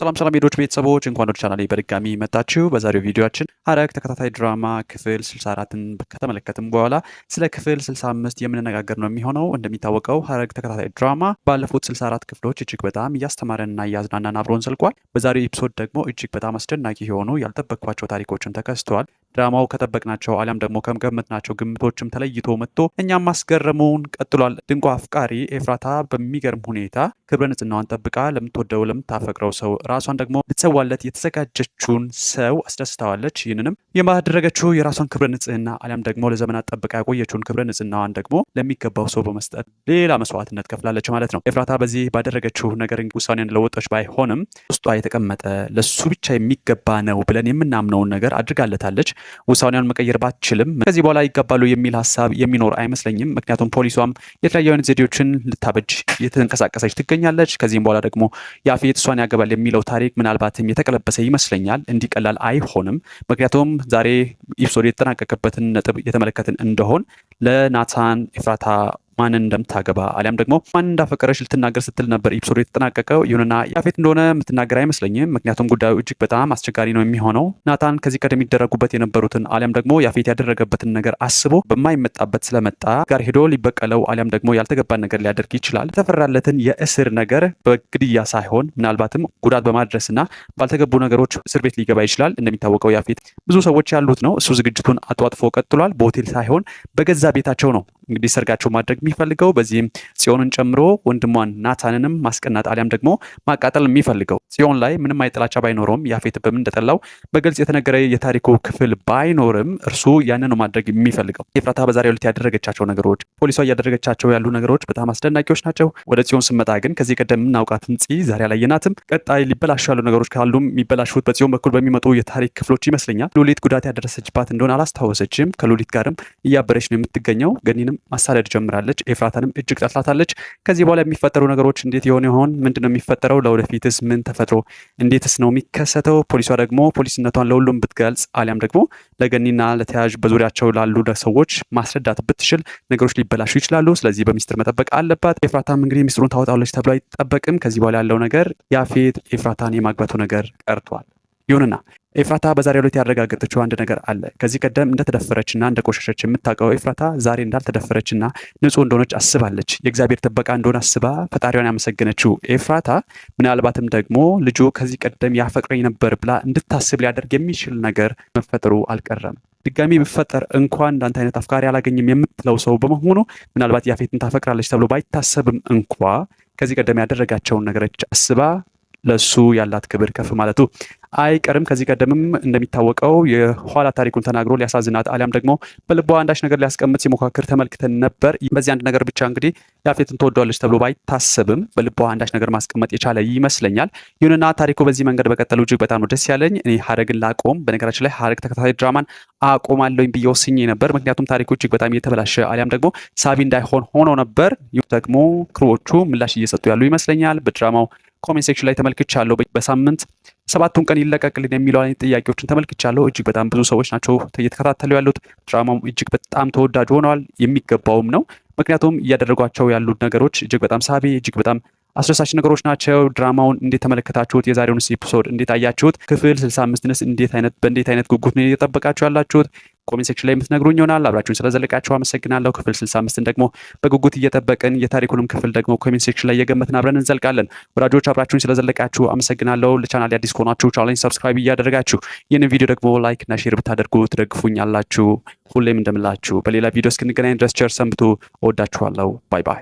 ሰላም ሰላም የዶች ቤተሰቦች እንኳን ወደ ቻናሌ በድጋሚ መጣችሁ። በዛሬው ቪዲዮችን ሐረግ ተከታታይ ድራማ ክፍል 64ን ከተመለከትም በኋላ ስለ ክፍል 65 የምንነጋገር ነው የሚሆነው። እንደሚታወቀው ሐረግ ተከታታይ ድራማ ባለፉት 64 ክፍሎች እጅግ በጣም እያስተማረንና እያዝናናን አብሮን ስልቋል። በዛሬው ኤፒሶድ ደግሞ እጅግ በጣም አስደናቂ የሆኑ ያልጠበቅኳቸው ታሪኮችን ተከስተዋል። ድራማው ከጠበቅናቸው አሊያም ደግሞ ከገመትናቸው ግምቶችም ተለይቶ መጥቶ እኛም ማስገረመውን ቀጥሏል። ድንቋ አፍቃሪ ኤፍራታ በሚገርም ሁኔታ ክብረ ንጽህናዋን ጠብቃ ለምትወደው ለምታፈቅረው ሰው ራሷን ደግሞ ልትሰዋለት የተዘጋጀችውን ሰው አስደስተዋለች። ይህንንም የማደረገችው የራሷን ክብረ ንጽህና አሊያም ደግሞ ለዘመናት ጠብቃ ያቆየችውን ክብረ ንጽህናዋን ደግሞ ለሚገባው ሰው በመስጠት ሌላ መስዋዕትነት ከፍላለች ማለት ነው። ኤፍራታ በዚህ ባደረገችው ነገር ውሳኔን ለወጦች ባይሆንም ውስጧ የተቀመጠ ለሱ ብቻ የሚገባ ነው ብለን የምናምነውን ነገር አድርጋለታለች። ውሳኔውን መቀየር ባትችልም ከዚህ በኋላ ይገባሉ የሚል ሀሳብ የሚኖር አይመስለኝም። ምክንያቱም ፖሊሷም የተለያዩ አይነት ዘዴዎችን ልታበጅ የተንቀሳቀሰች ትገኛለች። ከዚህም በኋላ ደግሞ የአፌት እሷን ያገባል የሚለው ታሪክ ምናልባትም የተቀለበሰ ይመስለኛል። እንዲቀላል አይሆንም። ምክንያቱም ዛሬ ኢፕሶድ የተጠናቀቀበትን ነጥብ የተመለከትን እንደሆን ለናታን ኤፍራታ ማንን እንደምታገባ አሊያም ደግሞ ማን እንዳፈቀረች ልትናገር ስትል ነበር ኤፒሶዱ የተጠናቀቀው። ይሁንና ያፌት እንደሆነ የምትናገር አይመስለኝም፣ ምክንያቱም ጉዳዩ እጅግ በጣም አስቸጋሪ ነው የሚሆነው። ናታን ከዚህ ቀደም ይደረጉበት የነበሩትን አሊያም ደግሞ ያፌት ያደረገበትን ነገር አስቦ በማይመጣበት ስለመጣ ጋር ሄዶ ሊበቀለው አሊያም ደግሞ ያልተገባን ነገር ሊያደርግ ይችላል። የተፈራለትን የእስር ነገር በግድያ ሳይሆን ምናልባትም ጉዳት በማድረስና ባልተገቡ ነገሮች እስር ቤት ሊገባ ይችላል። እንደሚታወቀው ያፌት ብዙ ሰዎች ያሉት ነው። እሱ ዝግጅቱን አጧጥፎ ቀጥሏል። በሆቴል ሳይሆን በገዛ ቤታቸው ነው እንግዲህ ሰርጋቸው ማድረግ የሚፈልገው በዚህም ጽዮንን ጨምሮ ወንድሟን ናታንንም ማስቀናት አሊያም ደግሞ ማቃጠል የሚፈልገው ጽዮን ላይ ምንም አይጥላቻ ባይኖረውም ያፌት በምን እንደጠላው በግልጽ የተነገረ የታሪኩ ክፍል ባይኖርም እርሱ ያንን ማድረግ የሚፈልገው ኤፍራታ በዛሬው ዕለት ያደረገቻቸው ነገሮች ፖሊሷ እያደረገቻቸው ያሉ ነገሮች በጣም አስደናቂዎች ናቸው። ወደ ጽዮን ስመጣ ግን ከዚህ ቀደም የምናውቃትን ጽ ዛሬ አላየናትም። ቀጣይ ሊበላሹ ያሉ ነገሮች ካሉም የሚበላሹት በጽዮን በኩል በሚመጡ የታሪክ ክፍሎች ይመስለኛል። ሉሊት ጉዳት ያደረሰችባት እንደሆነ አላስታወሰችም። ከሉሊት ጋርም እያበረች ነው የምትገኘው ገኒ ኑሐሚንም ማሳደድ ጀምራለች። ኤፍራታንም እጅግ ጠላታለች። ከዚህ በኋላ የሚፈጠሩ ነገሮች እንዴት የሆነ ይሆን? ምንድን ነው የሚፈጠረው? ለወደፊትስ ምን ተፈጥሮ እንዴትስ ነው የሚከሰተው? ፖሊሷ ደግሞ ፖሊስነቷን ለሁሉም ብትገልጽ አሊያም ደግሞ ለገኒና ለተያዥ በዙሪያቸው ላሉ ሰዎች ማስረዳት ብትችል ነገሮች ሊበላሹ ይችላሉ። ስለዚህ በሚስጥር መጠበቅ አለባት። ኤፍራታም እንግዲህ ሚስጥሩን ታወጣለች ተብሎ አይጠበቅም። ከዚህ በኋላ ያለው ነገር ያፌት ኤፍራታን የማግባቱ ነገር ቀርቷል። ይሁንና ኤፍራታ በዛሬ ዕለት ያረጋገጠችው አንድ ነገር አለ። ከዚህ ቀደም እንደተደፈረችና እንደቆሸሸች የምታውቀው ኤፍራታ ዛሬ እንዳልተደፈረችና ንጹህ እንደሆነች አስባለች። የእግዚአብሔር ጥበቃ እንደሆነ አስባ ፈጣሪዋን ያመሰገነችው ኤፍራታ ምናልባትም ደግሞ ልጁ ከዚህ ቀደም ያፈቅረኝ ነበር ብላ እንድታስብ ሊያደርግ የሚችል ነገር መፈጠሩ አልቀረም። ድጋሚ ብፈጠር እንኳን እንዳንተ አይነት አፍቃሪ አላገኝም የምትለው ሰው በመሆኑ ምናልባት ያፌትን ታፈቅራለች ተብሎ ባይታሰብም እንኳ ከዚህ ቀደም ያደረጋቸውን ነገሮች አስባ ለሱ ያላት ክብር ከፍ ማለቱ አይቀርም። ከዚህ ቀደምም እንደሚታወቀው የኋላ ታሪኩን ተናግሮ ሊያሳዝናት አሊያም ደግሞ በልቧ አንዳች ነገር ሊያስቀምጥ ሲሞካክር ተመልክተን ነበር። በዚህ አንድ ነገር ብቻ እንግዲህ ያፌትን ትወደዋለች ተብሎ ባይታሰብም በልቧ አንዳች ነገር ማስቀመጥ የቻለ ይመስለኛል። ይሁንና ታሪኩ በዚህ መንገድ በቀጠሉ እጅግ በጣም ነው ደስ ያለኝ። እኔ ሀረግን ላቆም፣ በነገራችን ላይ ሀረግ ተከታታይ ድራማን አቆማለሁኝ ብዬ ወስኜ ነበር። ምክንያቱም ታሪኩ እጅግ በጣም እየተበላሸ አሊያም ደግሞ ሳቢ እንዳይሆን ሆኖ ነበር። ደግሞ ክሮዎቹ ምላሽ እየሰጡ ያሉ ይመስለኛል። በድራማው ኮሜንት ሴክሽን ላይ ተመልክቻለሁ። በሳምንት ሰባቱን ቀን ይለቀቅልን የሚለው አይነት ጥያቄዎችን ተመልክቻለሁ። እጅግ በጣም ብዙ ሰዎች ናቸው እየተከታተሉ ያሉት። ድራማው እጅግ በጣም ተወዳጅ ሆነዋል። የሚገባውም ነው። ምክንያቱም እያደረጓቸው ያሉት ነገሮች እጅግ በጣም ሳቢ፣ እጅግ በጣም አስደሳች ነገሮች ናቸው። ድራማውን እንዴት ተመለከታችሁት? የዛሬውን ኤፒሶድ እንዴት አያችሁት? ክፍል 65 እንዴት አይነት በእንዴት አይነት ጉጉት ነው እየጠበቃችሁ ያላችሁት? ኮሜንት ሴክሽን ላይ የምትነግሩኝ ይሆናል። አብራችሁን ስለዘለቃችሁ አመሰግናለሁ። ክፍል 65ን ደግሞ በጉጉት እየጠበቅን የታሪኩንም ክፍል ደግሞ ኮሜንት ሴክሽን ላይ እየገመትን አብረን እንዘልቃለን። ወዳጆች አብራችሁን ስለዘለቃችሁ አመሰግናለሁ። ለቻናል አዲስ ከሆናችሁ ቻናሌን ሰብስክራይብ እያደረጋችሁ ይህንን ቪዲዮ ደግሞ ላይክ እና ሼር ብታደርጉ ትደግፉኛላችሁ። ሁሌም እንደምላችሁ በሌላ ቪዲዮ እስክንገናኝ ድረስ ቸር ሰንብቱ። እወዳችኋለሁ። ባይ ባይ።